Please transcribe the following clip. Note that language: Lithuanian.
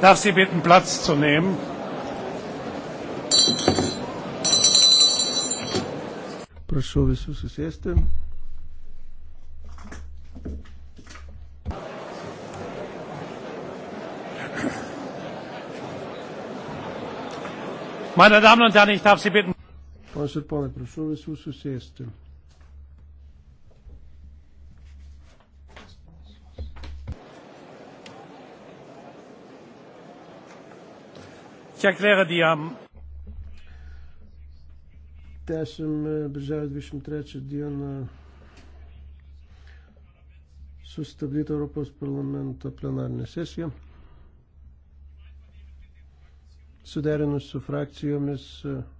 darf Sie bitten, Platz zu nehmen. Prašau visus susėsti. Meine Damen und Herren, ich darf Sie bitten. Ponas ir ponai, prašau visus susėsti. Tęsime birželio 23 dieną sustabdyti Europos parlamento plenarinę sesiją. Suderinus su frakcijomis e,